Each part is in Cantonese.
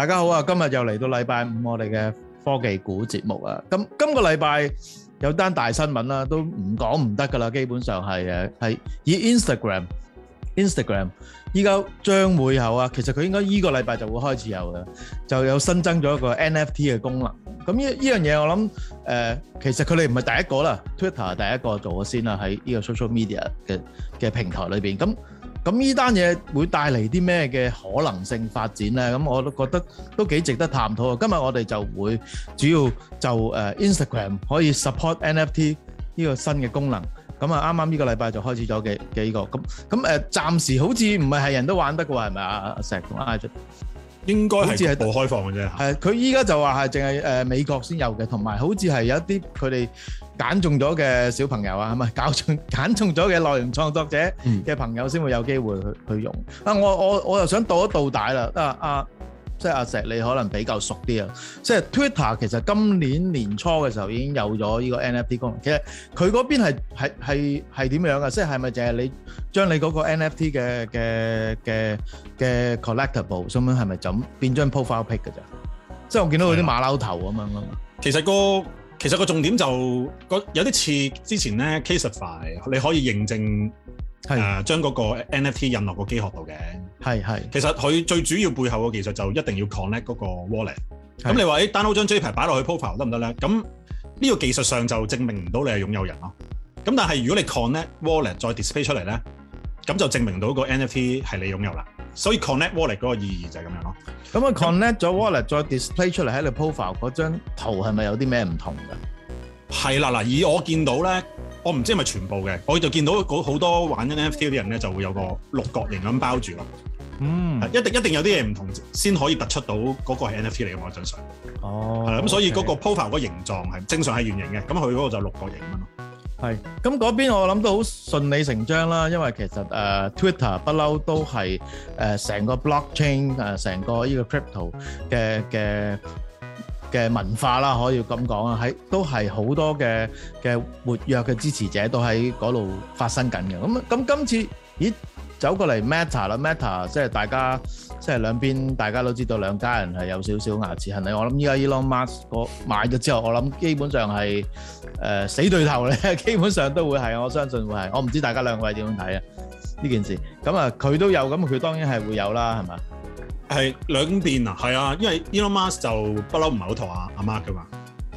大家好啊！今日又嚟到禮拜五，我哋嘅科技估節目啊！咁今個禮拜有單大新聞啦，都唔講唔得噶啦。基本上係誒係以 Instagram，Instagram 依家將會有啊。其實佢應該呢個禮拜就會開始有嘅，就有新增咗一個 NFT 嘅功能。咁呢呢樣嘢我諗誒，其實佢哋唔係第一個啦，Twitter 係第一個做咗先啦，喺呢個 social media 嘅嘅平台裏邊咁。咁呢單嘢會帶嚟啲咩嘅可能性發展咧？咁我都覺得都幾值得探討啊！今日我哋就會主要就誒 Instagram 可以 support NFT 呢個新嘅功能。咁啊啱啱呢個禮拜就開始咗嘅嘅呢個。咁咁誒，暫時好似唔係係人都玩得㗎喎，係咪啊？阿石同阿 J。應該好似係局部開放嘅啫，係佢依家就話係淨係誒美國先有嘅，同埋好似係有一啲佢哋揀中咗嘅小朋友啊，係咪搞中揀中咗嘅內容創作者嘅朋友先會有機會去、嗯、去用。啊，我我我又想度一度帶啦，啊啊！即係阿石，你可能比較熟啲啊！即係 Twitter 其實今年年初嘅時候已經有咗呢個 NFT 功能。其實佢嗰邊係係係係點樣啊？即係係咪就係你將你嗰個 NFT 嘅嘅嘅嘅 collectible，咁樣係咪就變張 profile pic 㗎啫？即係我見到佢啲馬騮頭咁樣啊嘛。其實個其實個重點就個有啲似之前咧，Caseify 你可以認證。係、呃，將嗰個 NFT 印落個機殼度嘅。係係。其實佢最主要背後嘅技術就一定要 connect 嗰個 wallet。咁是、嗯、你話，誒、欸、download 張 J i 擺落去 profile 得唔得咧？咁呢個技術上就證明唔到你係擁有人咯。咁但係如果你 connect wallet 再 display 出嚟咧，咁就證明到個 NFT 係你擁有啦。所以 connect wallet 嗰個意義就係咁樣咯。咁啊，connect 咗 wallet 再 display 出嚟喺你 profile 嗰張圖係咪有啲咩唔同㗎？係啦嗱，以我見到咧。我唔知係咪全部嘅，我就見到嗰好多玩 NFT 啲人咧就會有個六角形咁包住咯。嗯，一定一定有啲嘢唔同先可以突出到嗰個係 NFT 嚟嘅嘛，正常。哦，係啦，咁所以嗰個 profile 嗰個形狀係正常係圓形嘅，咁佢嗰個就六角形咁咯。係，咁嗰邊我諗都好順理成章啦，因為其實誒 Twitter 不嬲都係誒成個 blockchain 誒成個依個 crypto 嘅嘅。嘅文化啦，可以咁講啊，喺都係好多嘅嘅活躍嘅支持者都喺嗰度發生緊嘅。咁咁今次咦走過嚟 Meta 啦，Meta 即係大家即係兩邊大家都知道兩家人係有少少牙齒痕嘅。我諗依家 Elon Musk 個買咗之後，我諗基本上係誒死對頭咧，基本上都會係我相信會係。我唔知大家兩位係點樣睇啊呢件事？咁啊佢都有，咁佢當然係會有啦，係嘛？係兩邊啊，係啊，因為 Elon Musk 就不嬲唔係好妥阿阿 Mark 噶嘛，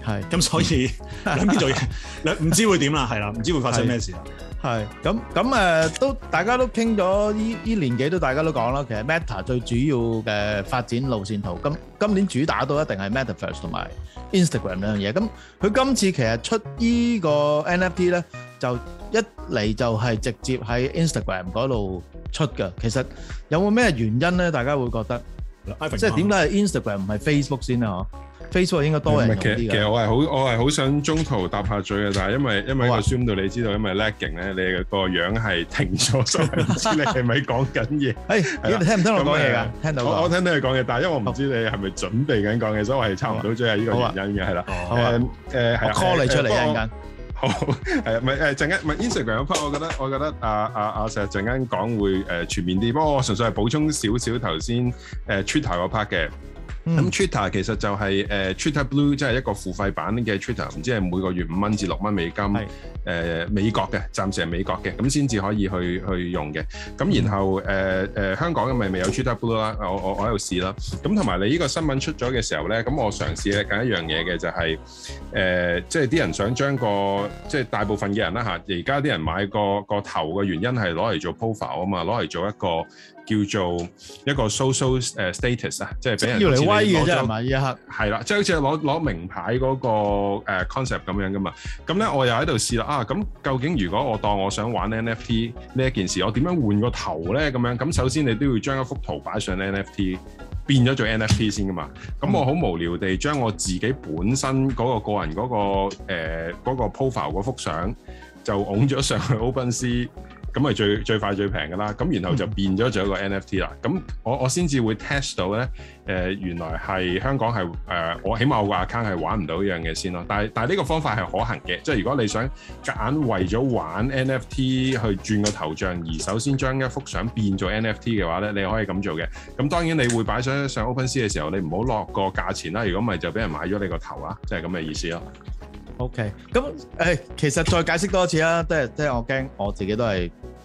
係咁是所以 兩邊做嘢兩唔知會點啦，係啦、 啊，唔知會發生咩事啦，係咁咁誒都大家都傾咗依依年幾都大家都講啦，其實 Meta 最主要嘅發展路線圖咁今，今年主打都一定係 Metaverse 同埋 Instagram 兩樣嘢，咁佢今次其實出依個 NFT 咧就。一嚟就係直接喺 Instagram 嗰度出嘅，其實有冇咩原因咧？大家會覺得，即係點解係 Instagram 唔係 Facebook 先啊？Facebook 應該多人啲嘅。其實我係好，我係好想中途搭下嘴嘅，但係因為因為我 assume 到你知道，因為 lagging 咧，你個樣係停咗，所以唔知你係咪講緊嘢。誒，你聽唔聽我講嘢㗎？聽到。我我聽到你講嘢，但係因為我唔知你係咪準備緊講嘢，所以我係差唔多最後呢個原因嘅，係啦。誒誒，係 call 你出嚟一陣間。哦，係、欸、啊，唔係誒，陣間唔係 Instagram 嗰 part，我覺得我覺得阿阿阿石陣間講會誒全面啲，不過我純粹係補充少少頭先誒 Twitter 嗰 part 嘅。呃咁 Twitter 其實就係誒 Twitter Blue，即係一個付費版嘅 Twitter，唔知係每個月五蚊至六蚊美金，誒的、呃、美國嘅，暫時係美國嘅，咁先至可以去去用嘅。咁然後誒誒、呃呃、香港嘅咪未有 Twitter Blue 啦，我我我喺度試啦。咁同埋你呢個新聞出咗嘅時候咧，咁我嘗試咧揀一樣嘢嘅就係、是、誒，即係啲人想將個即係、就是、大部分嘅人啦嚇，而家啲人買個個頭嘅原因係攞嚟做 profile 啊嘛，攞嚟做一個。叫做一個 social 誒 status 啊了，即係俾人要嚟威嘅啫嘛！依一刻係啦，即係好似攞攞名牌嗰個 concept 咁樣噶嘛。咁咧，我又喺度試啦。啊，咁究竟如果我當我想玩 NFT 呢一件事，我點樣換個頭咧？咁樣咁，首先你都要將一幅圖擺上 NFT，變咗做 NFT 先噶嘛。咁、嗯、我好無聊地將我自己本身嗰個個人嗰、嗰個誒嗰個 profile 嗰幅相就拱咗上去 OpenSea。咁咪最最快最平㗎啦，咁然後就變咗咗一個 NFT 啦。咁我我先至會 test 到咧，誒、呃、原來係香港係誒、呃、我起碼我個 account 係玩唔到呢樣嘢先咯。但係但係呢個方法係可行嘅，即係如果你想夾硬為咗玩 NFT 去轉個頭像，而首先將一幅相變做 NFT 嘅話咧，你可以咁做嘅。咁當然你會擺上上 OpenSea 嘅時候，你唔好落個價錢啦。如果唔係就俾人買咗你個頭、啊、啦，即係咁嘅意思咯。OK，咁誒其實再解釋多一次啦，即係即係我驚我自己都係。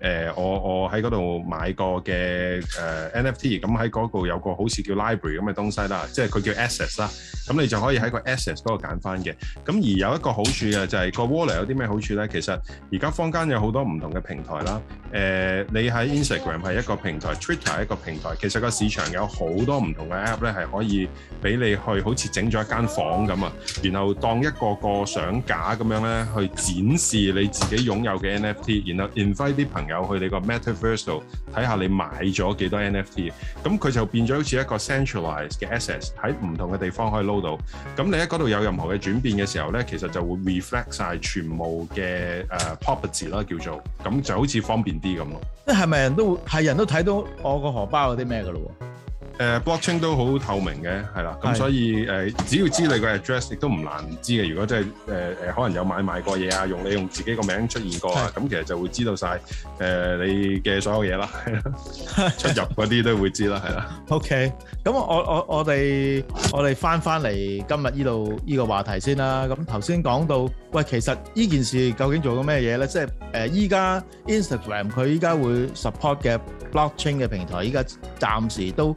誒、呃、我我喺度買過嘅誒、呃、NFT，咁喺嗰度有個好似叫 library 咁嘅東西啦，即係佢叫 assets 啦，咁你就可以喺個 assets 嗰度揀翻嘅。咁而有一個好處嘅就係、是、個 wallet 有啲咩好處咧？其實而家坊間有好多唔同嘅平台啦，誒、呃、你喺 Instagram 係一個平台，Twitter 係一個平台，其實個市場有好多唔同嘅 app 咧，係可以俾你去好似整咗一間房咁啊，然後當一個個相架咁樣咧去展示你自己擁有嘅 NFT，然後 invite 啲朋友有去你個 metaverse 咯，睇下你買咗幾多 NFT，咁佢就變咗好似一個 centralized 嘅 assets 喺唔同嘅地方可以撈到，咁你喺嗰度有任何嘅轉變嘅時候咧，其實就會 reflect 晒全部嘅誒 property 啦叫做，咁就好似方便啲咁咯。係咪人都係人都睇到我個荷包嗰啲咩㗎咯？誒、uh, blockchain 都好透明嘅，係啦，咁所以誒的、呃，只要知你個 address，亦都唔難知嘅。如果真係誒誒，可能有買賣過嘢啊，用你用自己個名出現過啊，咁的其實就會知道晒誒、呃、你嘅所有嘢啦，係啦， 出入嗰啲都會知啦，係啦。OK，咁我我我哋我哋翻翻嚟今日呢度呢個話題先啦。咁頭先講到，喂，其實呢件事究竟做緊咩嘢咧？即係誒依、呃、家 Instagram 佢依家會 support 嘅 blockchain 嘅平台，依家暫時都。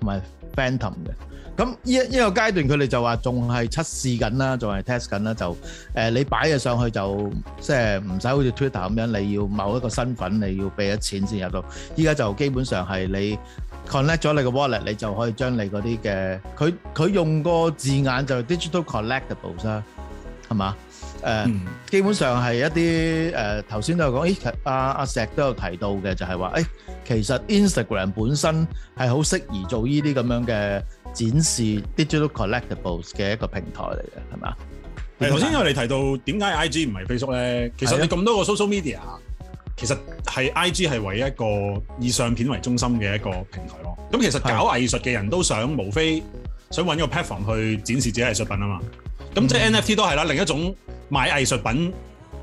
同埋 Phantom 嘅，咁依一個階段佢哋就話仲係測試緊啦，仲係 test 緊啦，就誒你擺嘢上去就即係唔使好似 Twitter 咁樣，你要某一個身份你要俾咗錢先入到。依家就基本上係你 connect 咗你個 wallet，你就可以將你嗰啲嘅，佢佢用個字眼就 digital collectibles 啦，係嘛？誒、呃、基本上係一啲誒頭先都有講，咦阿阿石都有提到嘅，就係話誒其實 Instagram 本身係好適宜做呢啲咁樣嘅展示、嗯、digital collectibles 嘅一個平台嚟嘅，係咪？誒頭先我哋提到點解 IG 唔係 Facebook 咧？其實你咁多個 social media，其實係 IG 係唯一一個以相片為中心嘅一個平台咯。咁其實搞藝術嘅人都想、啊、無非想搵個 platform 去展示自己藝術品啊嘛。咁即係 NFT 都係啦，嗯、另一種。買藝術品，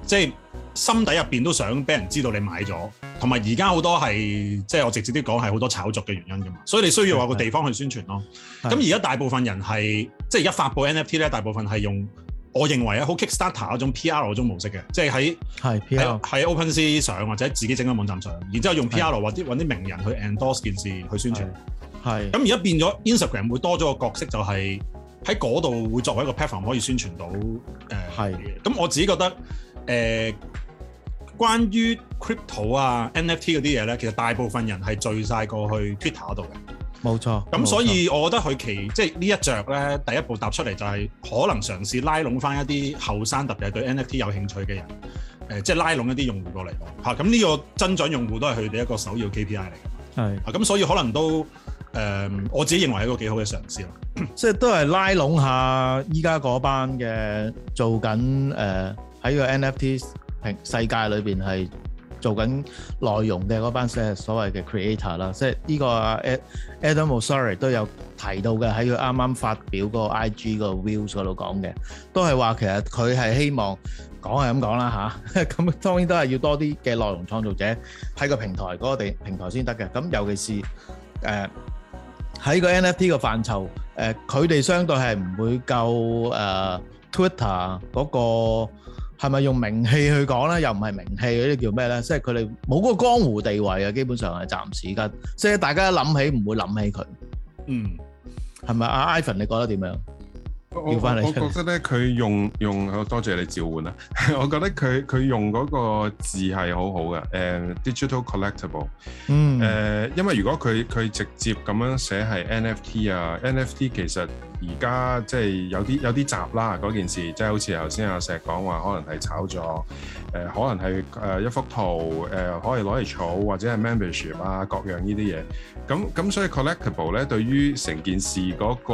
即係心底入邊都想俾人知道你買咗，同埋而家好多係即係我直接啲講係好多炒作嘅原因㗎嘛，所以你需要話個地方去宣傳咯。咁而家大部分人係即係而家發布 NFT 咧，大部分係用，我認為啊，好 Kickstarter 嗰種 PR 嗰種模式嘅，即係喺係 PR 喺 OpenSea 上或者自己整個網站上，然之後用 PR 或者搵啲名人去 endorse 件事去宣傳。係。咁而家變咗 Instagram 會多咗個角色就係、是。喺嗰度會作為一個 platform 可以宣傳到誒，咁、呃、是我自己覺得誒、呃，關於 Crypto 啊 NFT 嗰啲嘢咧，其實大部分人係聚晒過去 Twitter 度嘅，冇錯。咁所以我覺得佢其即係呢一著咧，第一步踏出嚟就係可能嘗試拉攏翻一啲後生，特別係對 NFT 有興趣嘅人，誒、呃，即、就、係、是、拉攏一啲用戶過嚟。嚇、啊，咁呢個增長用戶都係佢哋一個首要 KPI 嚟嘅，係咁是所以可能都。誒，我自己認為係一個幾好嘅嘗試咯，即係都係拉攏下依家嗰班嘅做緊誒，喺個 NFT 平世界裏邊係做緊內容嘅嗰班誒，所謂嘅 creator 啦，即係依個 Adam Mosseri 都有提到嘅，喺佢啱啱發表個 IG 個 views 嗰度講嘅，都係話其實佢係希望講係咁講啦嚇，咁當然都係要多啲嘅內容創造者喺個平台嗰個地平台先得嘅，咁尤其是誒。喺個 NFT 個範疇，誒佢哋相對係唔會夠、呃、Twitter 嗰、嗰個係咪用名氣去講咧？又唔係名氣嗰啲叫咩呢？即係佢哋冇嗰個江湖地位啊，基本上係暫時而家，所以大家諗起唔會諗起佢。嗯，係咪啊，Ivan 你覺得點樣？我，我覺得咧，佢用用好多謝你召喚啦。 我覺得佢佢用個字係好好嘅。誒 digital collectible 嗯。誒因為如果佢佢直接咁樣寫係 NFT 啊，NFT 其實而家即係有啲有啲雜啦件事，即、就、係、是、好似頭先阿石講話可能係炒作。誒、呃、可能係誒一幅圖誒、呃、可以攞嚟儲，或者係 membership 啊，各樣呢啲嘢。咁咁所以 collectible 咧，對於成件事、嗰個、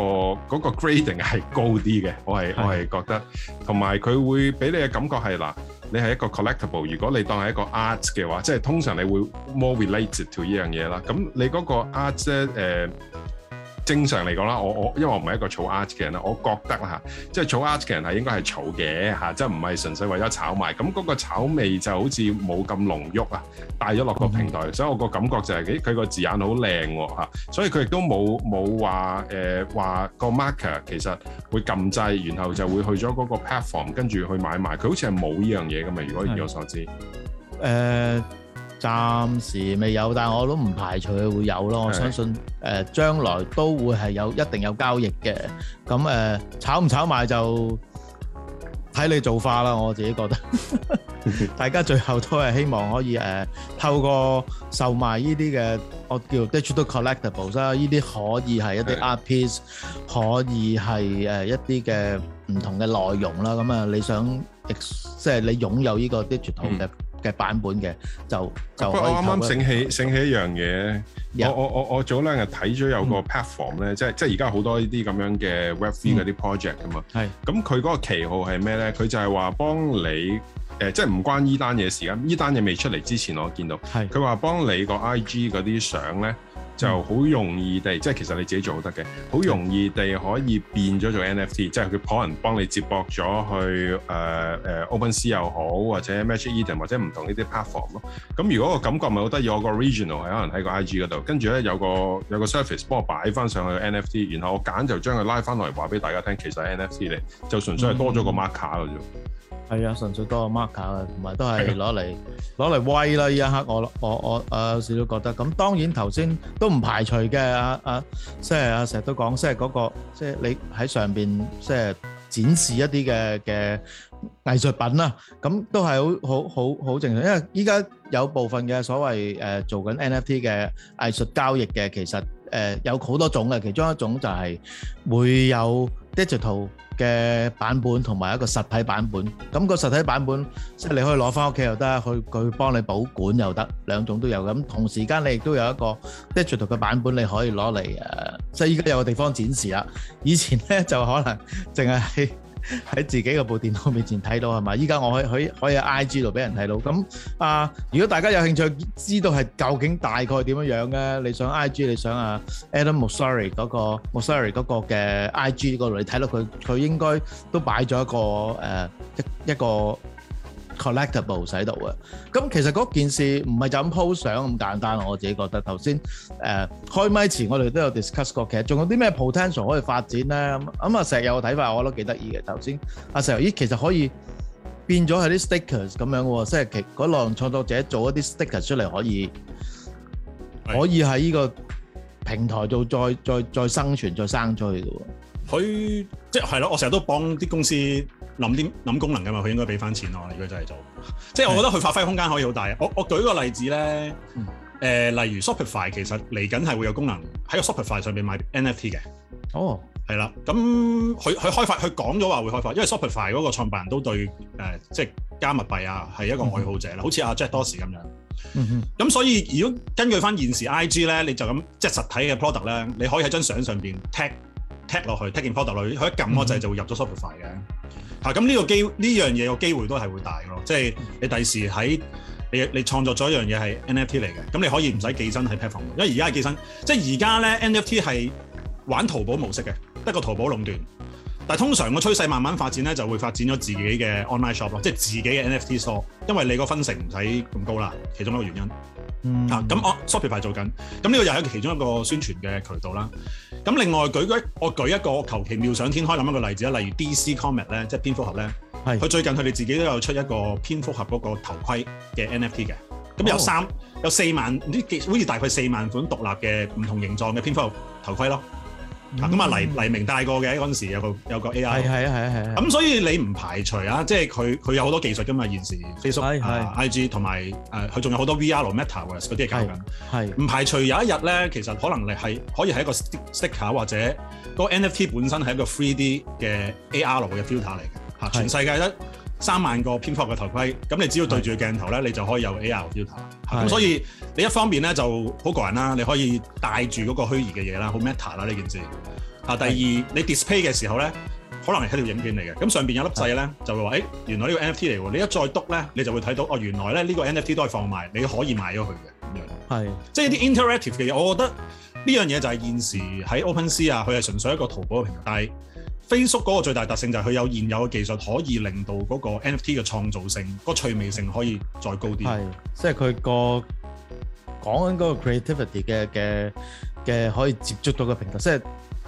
嗰個 grading 係高。啲嘅，我係，我係覺得，同埋佢會俾你嘅感覺係嗱，你係一個 collectible，如果你當係一個 art 嘅話，即係通常你會 more related to 呢樣嘢啦。咁你嗰個 art 即係、呃正常嚟講啦，我我因為我唔係一個炒 ART 嘅人啦，我覺得啦、啊、即係炒 ART 嘅人係應該係炒嘅嚇，即係唔係純粹為咗炒賣。咁嗰個炒味就好似冇咁濃郁啊，帶咗落個平台，嗯、所以我個感覺就係、是、咦佢個字眼好靚喎，所以佢亦都冇冇話誒話個 marker 其實會撳制，然後就會去咗嗰個 platform 跟住去買賣，佢好似係冇呢樣嘢咁啊！如果以我所知，誒、嗯。呃暫時未有，但係我都唔排除會有咯。的我相信誒、呃、將來都會係有一定有交易嘅。咁誒、呃、炒唔炒賣就睇你做法啦。我自己覺得， 大家最後都係希望可以誒、呃、透過售賣呢啲嘅我叫 digital collectibles 啦、啊。呢啲可以係一啲 art piece，的可以係誒一啲嘅唔同嘅內容啦。咁啊，你想即係、就是、你擁有呢個 digital 嘅？嗯嘅版本嘅就就，我啱啱醒起醒起一樣嘢 Yeah.，我我我我早兩日睇咗有個 platform 咧、嗯，即係即係而家好多呢啲咁樣嘅 web three 嗰啲 project 噶嘛，係、嗯，咁佢嗰個旗號係咩咧？佢就係話幫你誒，即係唔關依單嘢事啊！依單嘢未出嚟之前，我見到係，佢話是幫你個 IG 嗰啲相咧。就好容易地，即係其實你自己做都得嘅，好容易地可以變咗做 NFT，即係佢可能幫你接駁咗去誒誒、呃呃、OpenSea 又好，或者 Magic Eden 或者唔同呢啲 platform 咯。咁如果個感覺咪好得意，我個 original 係可能喺個 IG 嗰度，跟住咧有個有個 service 幫我擺翻上去 NFT，然後我揀就將佢拉翻落嚟話俾大家聽，其實 NFT 嚟，就純粹係多咗個 marker 嘅啫。嗯。係啊，純粹多個 marker 啊，同埋都係攞嚟攞嚟威啦，呢一刻我我我啊有時都覺得咁，當然頭先都唔排除嘅啊啊，即係啊成日都講，即係嗰個即係你喺上邊即係展示一啲嘅嘅藝術品啦，咁都係好好好好正常，因為依家有部分嘅所謂誒做緊 NFT 嘅藝術交易嘅，其實誒有好多種嘅，其中一種就係會有。digital 嘅版本同埋一個實體版本，咁、個實體版本、即係、你可以攞返屋企又得，佢佢幫你保管又得，兩種都有咁。同時間你亦都有一個 digital 嘅版本，你可以攞嚟誒，即係依家有個地方展示啦。以前呢，就可能淨係喺 自己嗰部電腦面前睇到係嘛？依家我可以喺 I G 度俾人睇到咁啊、呃！如果大家有興趣知道係究竟大概點樣樣咧，你想 I G，你想啊 Adam Mosseri 嗰個 Mosseri 嗰個嘅 I G 嗰度，你睇到佢佢應該都擺咗一個誒一一個。呃一一個 collectable，使到啊！咁其實嗰件事唔係就咁 po 相咁簡單咯，我自己覺得，頭先誒開麥前我哋都有 discuss 過，其實仲有啲咩 potential 可以發展咧，咁咁啊！石友嘅睇法我覺得幾得意嘅。頭先阿石友，咦，其實可以變咗係啲 stickers 咁樣喎，即係其嗰內容創作者做一啲 stickers 出嚟，可以可以喺呢個平台度再再再生存再生出去嘅喎。佢即係係咯，我成日都幫啲公司。諗啲諗功能㗎嘛，佢應該俾翻錢我。如果真係做，即係我覺得佢發揮空間可以好大。是我我舉個例子咧，誒、嗯呃，例如 Shopify 其實嚟緊係會有功能喺個 Shopify 上邊買 NFT 嘅。哦，係啦。咁佢佢開發佢講咗話會開發，因為 Shopify 嗰個創辦人都對誒、呃，即係加密幣啊係一個愛好者啦，嗯、好似阿 Jack Dorsey 咁樣。咁、嗯、所以如果根據翻現時 IG 咧，你就咁即係實體嘅 product 咧，你可以喺張相上邊 tag。踢落去 take in product 落去佢一撳個掣就會入咗 Shopify 嘅。嚇、嗯，咁呢個機呢樣嘢個機會都係會大嘅，即係你第時喺你你創作咗一樣嘢係 NFT 嚟嘅，咁你可以唔使寄身喺 platform，因為而家係寄身。即係而家咧 NFT 係玩淘寶模式嘅，得個淘寶壟斷。但係通常個趨勢慢慢發展咧，就會發展咗自己嘅 online shop 咯，即係自己嘅 NFT shop，因為你個分成唔使咁高啦，其中一個原因。嗯嚇，咁我 Shopify 牌做緊，咁、啊、呢、這個又係其中一個宣傳嘅渠道啦。咁、啊、另外舉舉，我舉一個求其妙想天開諗一個例子啦，例如 DC Comic 咧，即係蝙蝠俠咧，佢是最近佢哋自己都有出一個蝙蝠俠嗰個頭盔嘅 NFT 嘅、啊，咁有三、哦、有四萬，啲好似大概四萬款獨立嘅唔同形狀嘅蝙蝠俠頭盔咯。咁、嗯、啊黎黎明帶過嘅嗰陣時，有個有個 A R 係啊係啊係啊。咁所以你唔排除啊，即係佢佢有好多技術㗎嘛，現時 Facebook 是是 啊 I G 同埋誒佢仲有好、啊、多 V R 同 Meta 嗰啲搞緊，係唔排除有一日咧，其實可能係係可以係一個 sticker 或者個 N F T 本身係一個 three D 嘅 A R 嘅 filter 嚟嘅嚇全世界都。三萬個偏方嘅頭盔，咁你只要對住鏡頭咧，你就可以有 A R 標塔。咁是所以你一方面咧就好個人啦，你可以戴住嗰個虛擬嘅嘢啦，好 meta 啦呢件事。啊，第二是你 display 嘅時候咧，可能係一條影片嚟嘅，咁上邊有粒掣咧，就會話，誒是、欸，原來呢個 N F T 嚟喎。你一再篤咧，你就會睇到哦，原來咧呢個 N F T 都係放賣，你可以買咗佢嘅。咁樣係，即係一啲 interactive 嘅嘢，我覺得呢樣嘢就係現時喺 OpenSea 佢係純粹一個淘寶嘅平台。Facebook 嗰個最大特性就係佢有現有嘅技術，可以令到嗰個 NFT 嘅創造性、嗰、嗰個趣味性可以再高啲。係，即係佢、嗰個講緊嗰個 creativity 嘅嘅嘅可以接觸到嘅平台，即係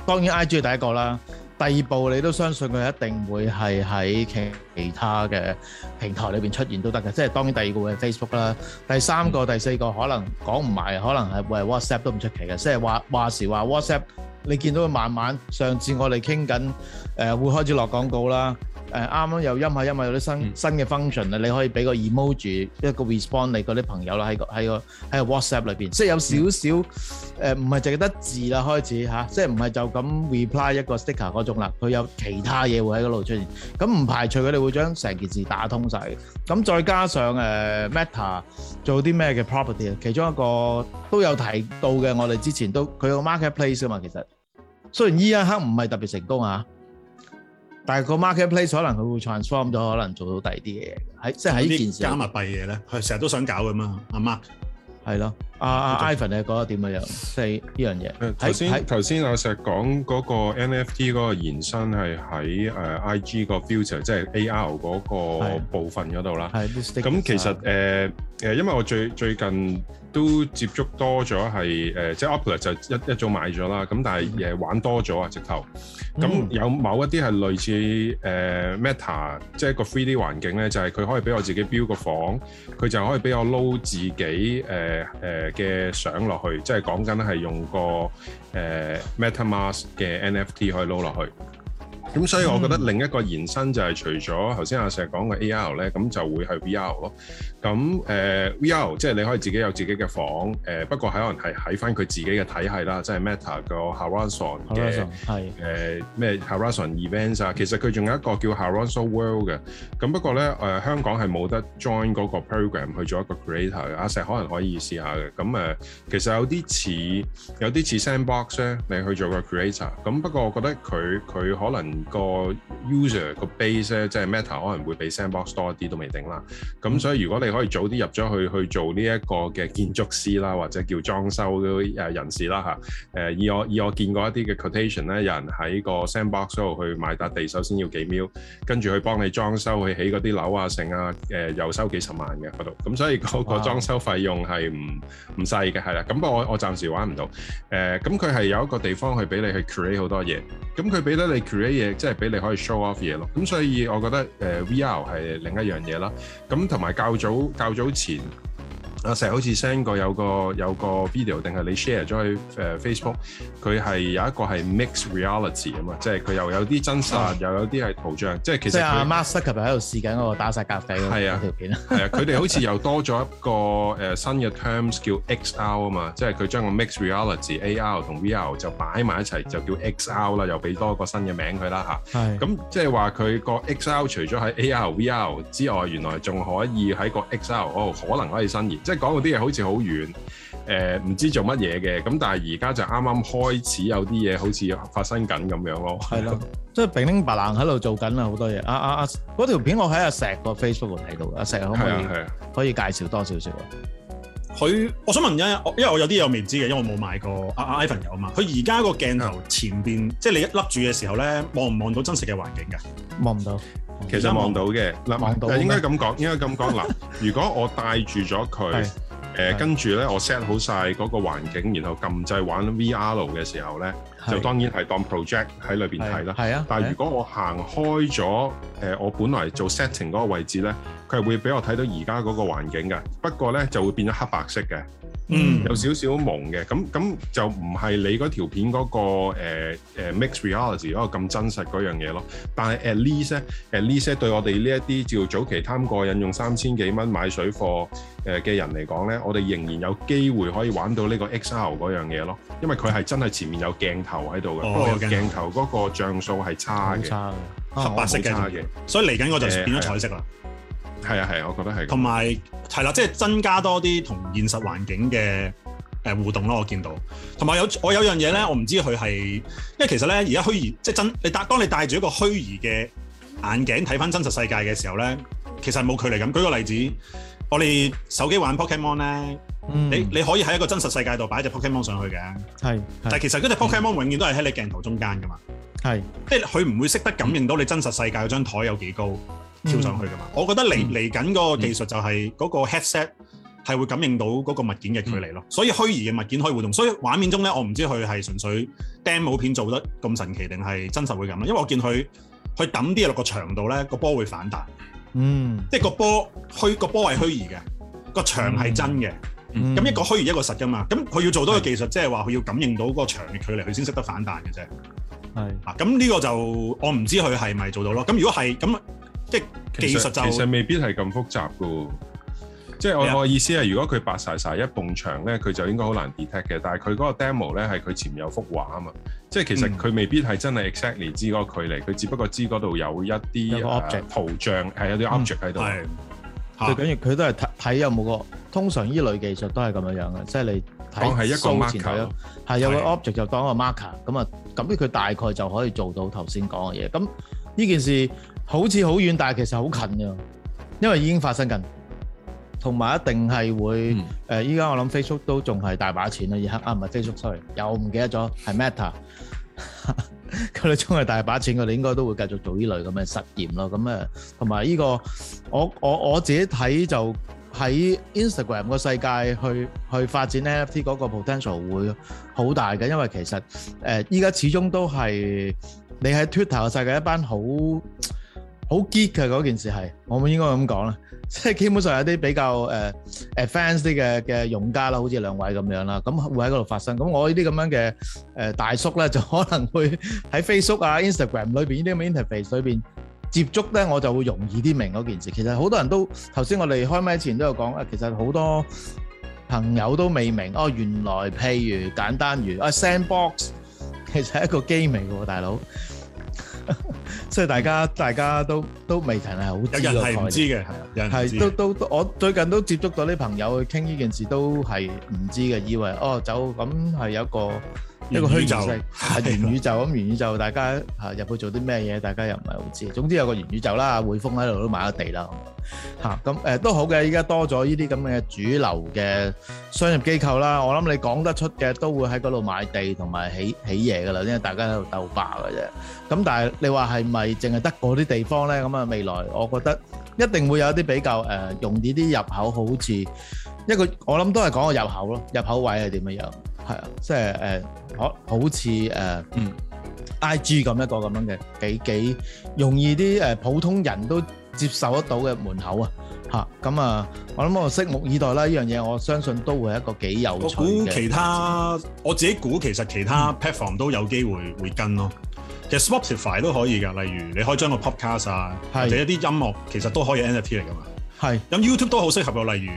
當然 IG 係第一個啦。第二步你都相信佢一定會係喺其他嘅平台裏邊出現都得嘅。即係當然第二個會係 Facebook 啦，第三個、嗯、第四個可能講唔埋，可能會係 WhatsApp 都唔出奇嘅。即係話話時話 WhatsApp。Wh 你見到佢慢慢，上次我哋傾緊，誒、呃、會開始落廣告啦。誒啱啦，又音下音下，有啲新新嘅 function 你可以俾個 emoji 一個，個 response 你嗰啲朋友啦，喺個喺個喺個 WhatsApp 裏邊，即係有少少誒，唔係淨係得字啦開始嚇、啊，即係唔係就咁 reply 一個 sticker 嗰種啦，佢有其他嘢會喺嗰度出現，咁唔排除佢哋會將成件事打通晒。嘅，咁再加上誒、呃、Meta 做啲咩嘅 property 其中一個都有提到嘅，我哋之前都佢個 marketplace 啊嘛，其實雖然呢一刻唔係特別成功嚇。啊但係個 marketplace 可能佢會 transform 咗，可能做到第二啲嘢，喺即係喺呢件事加密幣嘢咧，佢成日都想搞㗎嘛，阿 Mark 係咯。是啊阿、啊、Ivan 你覺得點啊樣？四呢樣嘢。誒才，頭先頭先阿石講嗰個 NFT 嗰個延伸係喺誒 IG 個 filter，即係 AR 嗰個部分嗰度啦。係、啊。咁其實誒誒、啊呃，因為我最最近都接觸多咗係誒，即係 Oculus 就一一早買咗啦。咁但係誒、嗯、玩多咗啊，直頭。咁有某一啲係類似誒、呃、Meta，即係個 three d 環境咧，就係、是、佢可以俾我自己 build 個房，佢就可以俾我 load 自己誒誒。呃呃呃呃嘅相落去，即係講緊係用個誒、呃、MetaMask 嘅 NFT 可以攞落去。咁所以我覺得另一個延伸就係除咗頭先阿石講嘅 AR 咧，咁就會係 VR 咯。咁誒、呃、VR 即係你可以自己有自己嘅房誒、呃，不過可能係喺翻佢自己嘅體系啦，即係 Meta 個 Horizon 嘅誒咩 Horizon Events 啊，其實佢仲有一個叫 Horizon World 嘅。咁不過咧誒、呃、香港係冇得 join 嗰個 program 去做一個 creator 嘅。阿石可能可以試下嘅。咁誒、呃，其實有啲似有啲似 sandbox 咧，你去做個 creator。咁不過我覺得佢佢可能。個 user 個 base 咧，即係 Meta 可能會比 sandbox 多一啲都未定啦。咁所以如果你可以早啲入咗去去做呢一個嘅建築師啦，或者叫裝修嘅人士啦吓。誒，以我以我見過一啲嘅 quotation 咧，有人喺個 sandbox 度去買笪地，首先要幾米，跟住去幫你裝修，去起嗰啲樓啊城啊，誒又收幾十萬嘅嗰度。咁所以嗰個裝修費用係唔唔細嘅係啦。咁不過我我暫時玩唔到。誒，咁佢係有一個地方去俾你去 create 好多嘢。咁佢俾得你 create 嘢。即係俾你可以 show off 嘢咯，咁所以我覺得誒、呃、VR 係另一樣嘢啦，咁同埋較早較早前。啊成日好似 send 過有個有個 video 定係你 share 咗去誒 Facebook，佢係有一個係 mixed reality 啊嘛，即係佢又有啲真實，又有啲係圖像，即係其實。即係阿 master 琴日喺度試緊嗰個打曬牙齒嗰條片啊。係啊，佢哋好似又多咗一個誒新嘅 terms 叫 XR 啊嘛，即係佢將個 mixed reality AR 同 VR 就擺埋一齊就叫 XR 啦，又俾多一個新嘅名佢啦嚇。係。咁即係話佢個 XR 除咗喺 AR、VR 之外，原來仲可以喺個 XR 哦，可能可以新嘢。即係講嗰啲嘢好似好遠，誒、呃、唔知做乜嘢嘅，咁但係而家就啱啱開始有啲嘢好似發生緊咁樣咯。係咯， 即係乒鈴白蘭喺度做緊啦，好多嘢。阿阿阿嗰條片我喺阿石個 Facebook 度睇到，阿、啊、石可唔可以可以介紹多少少啊？佢，我想問一下，我因為我有啲嘢我未知嘅，因為我冇買過阿阿 iPhone 友啊，啊有嘛。佢而家個鏡頭前邊，的即係你一笠住嘅時候咧，望唔望到真實嘅環境㗎？望唔到。其實望到嘅，嗱，應該咁講，應該咁講，嗱，如果我戴住咗佢，誒，跟住咧，的我 set 好晒嗰個環境，然後撳掣玩 VR 嘅時候咧。是就當然係當 project 喺裏邊睇啦。係啊，但係如果我行開咗誒、呃，我本來做 setting 嗰個位置咧，佢係會俾我睇到而家嗰個環境嘅。不過咧就會變咗黑白色嘅，嗯，有少少朦嘅。咁咁就唔係你嗰條片嗰、嗰個誒、呃呃、mixed reality 嗰個咁真實嗰樣嘢咯。但係 at least 咧，at least 對我哋呢一啲照早期貪過癮用三千幾蚊買水貨誒嘅人嚟講咧，我哋仍然有機會可以玩到呢個 XR 嗰樣嘢咯。因為佢係真係前面有鏡。哦、鏡頭喺度嘅，鏡頭嗰個像素係差嘅，黑、啊、白色嘅，差所以嚟緊我就變咗彩色啦。係、欸、啊係啊,啊，我覺得係。同埋係啦，即係、就是、增加多啲同現實環境嘅誒互動咯。我見到，同埋有我有樣嘢咧，我唔知佢係，因為其實咧而家虛擬即係真，你戴當你戴住一個虛擬嘅眼鏡睇翻真實世界嘅時候咧，其實冇距離咁。舉個例子。我哋手機玩 Pokemon 咧，你你可以喺一個真實世界度擺一隻 Pokemon 上去嘅，係，但係其實嗰隻 Pokemon 永遠都係喺你鏡頭中間㗎嘛，係，即係佢唔會識得感應到你真實世界嗰張枱有幾高跳上去㗎嘛。我覺得嚟嚟緊嗰個技術就係嗰個 headset 係會感應到嗰個物件嘅距離咯，所以虛擬嘅物件可以互動。所以畫面中咧，我唔知佢係純粹 demo 片做得咁神奇定係真實會咁咯。因為我見佢佢抌啲嘢落個牆度咧，個波會反彈。嗯，即係個波虛個波係虛擬嘅，個牆係真嘅，咁、嗯、一個虛擬，一個實噶嘛，咁佢、嗯、要做到個技術，是的 即係話佢要感應到個牆嘅距離，佢先識得反彈嘅啫。係，是的 啊，咁呢個就我唔知佢係咪做到咯。咁如果係咁，即係技術就其實其實未必係咁複雜噶喎。即係我我嘅意思係，的如果佢白晒晒一埲牆咧，佢就應該好難 detect 嘅。但係佢嗰個 demo 咧，係佢前面有幅畫啊嘛。即係其實佢未必係真係 exactly 知嗰個距離，佢只不過知嗰度有一啲、呃、圖像係有啲 object 喺度。係最緊要佢都係睇睇有冇個，通常呢類技術都係咁樣樣嘅，即係你睇掃前台。係、er, 有一個 object 就當一個 marker，咁啊的，咁佢大概就可以做到頭先講嘅嘢。咁呢件事好似好遠，但係其實好近㗎，因為已經發生緊。同埋一定係會誒，依家我諗 Facebook 都仲係大把錢啦，而家啊，唔係 Facebook，sorry，又唔記得咗係 Meta。佢哋仲係大把錢，佢哋應該都會繼續做依類咁嘅實驗咯。咁誒，同埋依個我我我自己睇就喺 Instagram 個世界去去發展 NFT 嗰個 potential 會好大嘅，因為其實誒依家始終都係你喺 Twitter 嘅世界一班好好 geek 嘅嗰件事係，我唔應該咁講啦。即係基本上有啲比較誒 advanced 啲嘅嘅用家啦，好似兩位咁樣啦，咁會喺嗰度發生。咁我呢啲咁樣嘅誒大叔咧，就可能會喺 Facebook 啊、Instagram 裏邊呢啲咁嘅 interface 裏邊接觸咧，我就會容易啲明嗰件事。其實好多人都頭先我哋開麥前都有講啦，其實好多朋友都未明哦，原來譬如簡單如啊 sandbox，其實係一個 game 嚟嘅喎，大佬。即係 大家，大家都都未真係好知道。有人係唔知嘅，係，人係都都，我最近都接觸到啲朋友去傾呢件事，都係唔知嘅，以為哦，就，咁係有一個。一個虛就係元宇宙咁，元宇宙大家嚇入去做啲咩嘢？大家又唔係好知。總之有個元宇宙啦，匯豐喺度都買咗地啦。嚇咁誒都好嘅，依家多咗呢啲咁嘅主流嘅商業機構啦。我諗你講得出嘅都會喺嗰度買地同埋起起嘢噶啦，因為大家喺度鬥霸㗎啫。咁但係你話係咪淨係得嗰啲地方咧？咁啊未來我覺得一定會有啲比較誒容易啲入口，好似。一個我諗都係講個入口咯，入口位係點嘅樣？係啊，即係誒、呃，好好似誒，嗯，I G 咁一個咁樣嘅幾幾容易啲誒、呃、普通人都接受得到嘅門口啊，嚇咁啊！我諗我拭目以待啦，呢樣嘢我相信都會係一個幾有趣嘅。我估其他，我自己估其實其他 platform 都有機會會跟咯，其實 Spotify 都可以㗎，例如你可以將個 podcast 啊，或者一啲音樂其實都可以 NFT 嚟㗎嘛。係，咁 YouTube 都好適合喎。例如，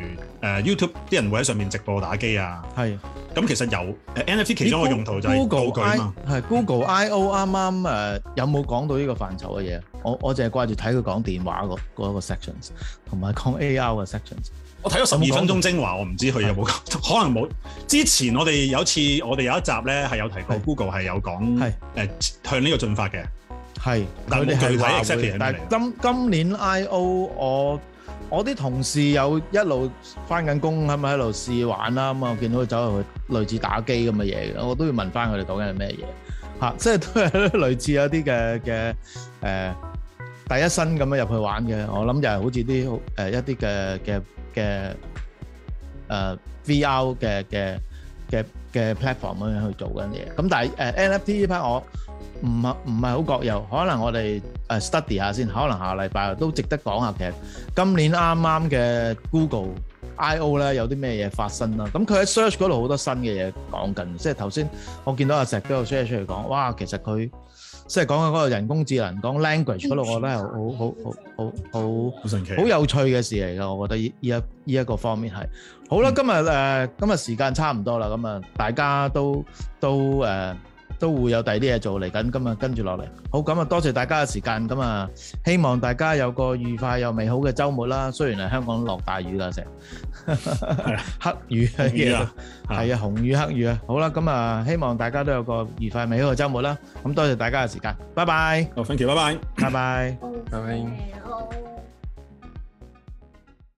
誒 YouTube 啲人會喺上面直播打機啊。係，咁其實有誒 NFT 其中個用途就係道具啊嘛。係 Google I/O 啱啱誒有冇講到呢個範疇嘅嘢？我我淨係掛住睇佢講電話個嗰一個 section，同埋講 AR 嘅 section。我睇咗十二分鐘精華，我唔知佢有冇可能冇。之前我哋有一次我哋有一集咧係有提過 Google 係有講誒向呢個進發嘅。係，但係冇具體嘅。但係今今年 I/O 我。我啲同事有一路翻緊工，喺咪喺度試玩啦咁啊！見到佢走入去類似打機咁嘅嘢，我都要問翻佢哋究竟係咩嘢？嚇，即係都係類似有啲嘅嘅誒第一身咁樣入去玩嘅。我諗就係好似啲誒一啲嘅嘅嘅誒 VR 嘅嘅嘅嘅 platform 咁樣去做緊嘢。咁但係誒 NFT 呢 part 我。唔係唔係好國有，可能我哋誒 study 下先，可能下個禮拜都值得講下。其實今年啱啱嘅 Google I/O 咧，有啲咩嘢發生啦？咁佢喺 search 嗰度好多新嘅嘢講緊，即係頭先我見到阿石都有 share 出嚟講，哇！其實佢即係講緊嗰個人工智能，講 language 嗰度，我覺得係好好好好好好好神奇，好有趣嘅事嚟㗎。我覺得呢呢一呢一個方面係好啦。今日誒，今日時間差唔多啦。咁啊，大家都都誒。都會有第二啲嘢做嚟緊，今日跟住落嚟。好咁啊，多謝大家嘅時間。咁啊，希望大家有個愉快又美好嘅週末啦。雖然係香港落大雨啦，成黑雨啊，嘢啊，係啊，紅雨黑雨啊。好啦，咁啊，希望大家都有個愉快美好嘅週末啦。咁多謝大家嘅時間，拜拜。好，thank you，拜拜，拜拜，拜拜。好。